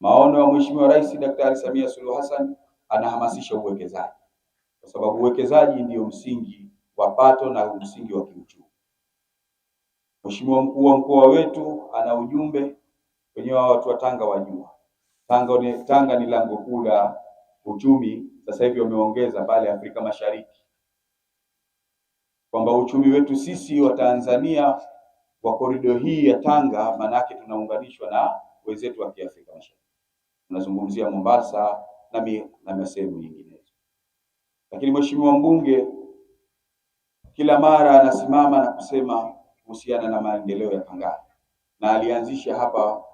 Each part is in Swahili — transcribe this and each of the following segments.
Maono ya Mheshimiwa Rais Daktari Samia Suluhu Hassan anahamasisha uwekezaji kwa sababu uwekezaji ndio msingi wa pato na msingi wa kiuchumi. Mheshimiwa mkuu wa mkoa wetu ana ujumbe wa watu wa Tanga wajua Tanga ni, Tanga ni lango kuu la uchumi. Sasa hivi wameongeza pale Afrika Mashariki kwamba uchumi wetu sisi wa Tanzania wa korido hii ya Tanga, maanake tunaunganishwa na wenzetu wa Kiafrika Mashariki tunazungumzia Mombasa na sehemu nyinginezo. Lakini mheshimiwa mbunge kila mara anasimama na kusema kuhusiana na maendeleo ya Pangani na alianzisha hapa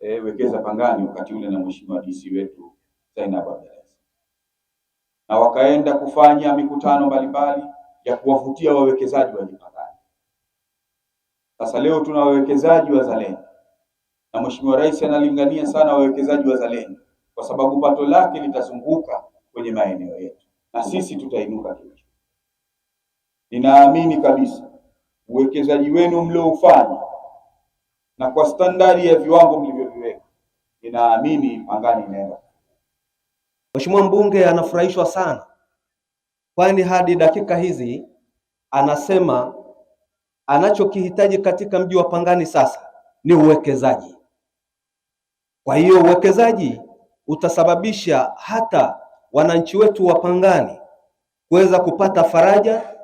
e, wekeza Pangani wakati ule na mheshimiwa DC wetu Zainab Abdalah, na wakaenda kufanya mikutano mbalimbali ya kuwavutia wawekezaji wa Pangani. Sasa leo tuna wawekezaji wazalendo na Mheshimiwa Rais analingania sana wawekezaji wazalendo, kwa sababu pato lake litazunguka kwenye maeneo yetu na sisi tutainuka kiuchumi. Ninaamini kabisa uwekezaji wenu mlioufanya na kwa standardi ya viwango mlivyoviweka, ninaamini Pangani inaenda. Mheshimiwa mbunge anafurahishwa sana, kwani hadi dakika hizi anasema anachokihitaji katika mji wa Pangani sasa ni uwekezaji. Kwa hiyo uwekezaji utasababisha hata wananchi wetu wa Pangani kuweza kupata faraja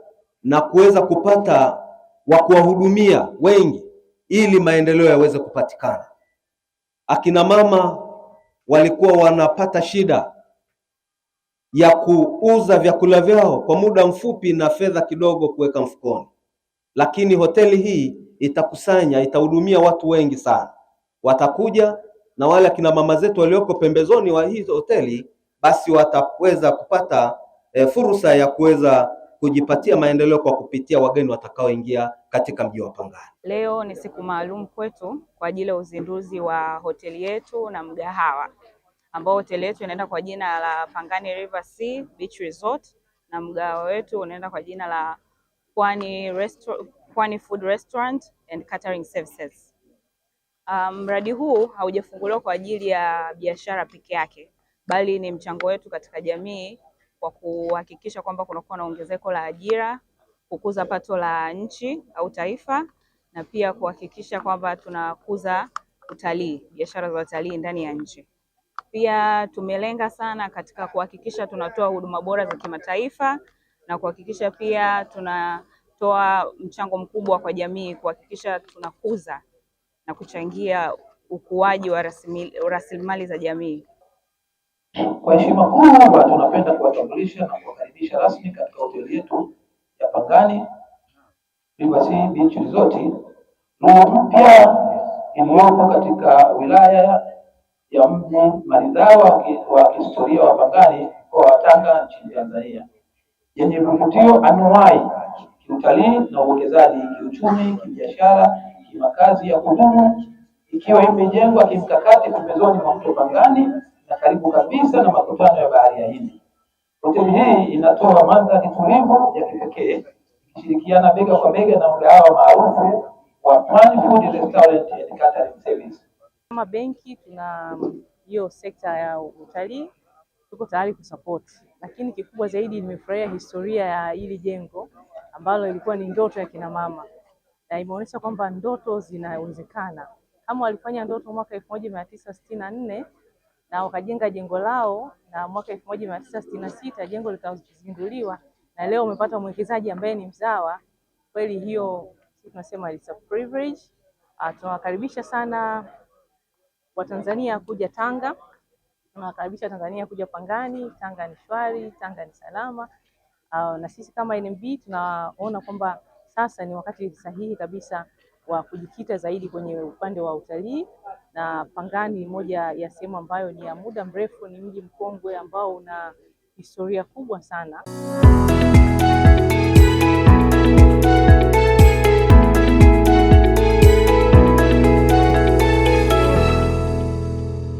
na kuweza kupata wa kuwahudumia wengi ili maendeleo yaweze kupatikana. Akina mama walikuwa wanapata shida ya kuuza vyakula vyao kwa muda mfupi na fedha kidogo kuweka mfukoni, lakini hoteli hii itakusanya, itahudumia watu wengi sana, watakuja na wale akina mama zetu walioko pembezoni wa hizo hoteli, basi wataweza kupata e, fursa ya kuweza kujipatia maendeleo kwa kupitia wageni watakaoingia katika mji wa Pangani. Leo ni siku maalum kwetu kwa ajili ya uzinduzi wa hoteli yetu na mgahawa ambao hoteli yetu inaenda kwa jina la Pangani River Sea Beach Resort na mgahawa wetu unaenda kwa jina la Pwani Restaurant, Pwani Food Restaurant and Catering Services. Um, mradi um, huu haujafunguliwa kwa ajili ya biashara peke yake, bali ni mchango wetu katika jamii kwa kuhakikisha kwamba kunakuwa na ongezeko la ajira, kukuza pato la nchi au taifa, na pia kuhakikisha kwamba tunakuza utalii, biashara za utalii ndani ya nchi. Pia tumelenga sana katika kuhakikisha tunatoa huduma bora za kimataifa na kuhakikisha pia tunatoa mchango mkubwa kwa jamii, kuhakikisha tunakuza na kuchangia ukuaji wa rasilimali za jamii. Kwa heshima kubwa tunapenda kuwatambulisha na kuwakaribisha rasmi katika hoteli yetu ya Pangani Riverside Beach Resort, room mpya iliyopo katika wilaya ya mji maridhawa wa kihistoria wa Pangani mkoa wa Tanga nchini Tanzania, yenye vivutio anuwai kiutalii na uwekezaji kiuchumi, kibiashara makazi ya kudumu ikiwa imejengwa kimkakati pembezoni mwa mto Pangani na karibu kabisa na makutano ya bahari ya Hindi. Hoteli hii inatoa mandhari tulivu ya kipekee ikishirikiana bega kwa bega na mgahawa maarufu wa Pwani Food Restaurant and Catering Service. Kama benki tuna um, hiyo sekta ya utalii tuko tayari kusapoti, lakini kikubwa zaidi nimefurahia historia ya hili jengo ambalo ilikuwa ni ndoto ya kina mama na imeonyesha kwamba ndoto zinawezekana. Kama walifanya ndoto mwaka elfu moja mia tisa sitini na nne na wakajenga jengo lao na mwaka elfu moja mia tisa sitini na sita jengo likazinduliwa na leo umepata mwekezaji ambaye ni mzawa kweli, hiyo tunasema it's a privilege. Ah, tunawakaribisha sana Watanzania kuja Tanga, tunawakaribisha Tanzania kuja Pangani. Tanga ni shwari, Tanga ni salama. Uh, na sisi kama NMB tunaona kwamba sasa ni wakati sahihi kabisa wa kujikita zaidi kwenye upande wa utalii, na Pangani moja ya sehemu ambayo ni ya muda mrefu, ni mji mkongwe ambao una historia kubwa sana.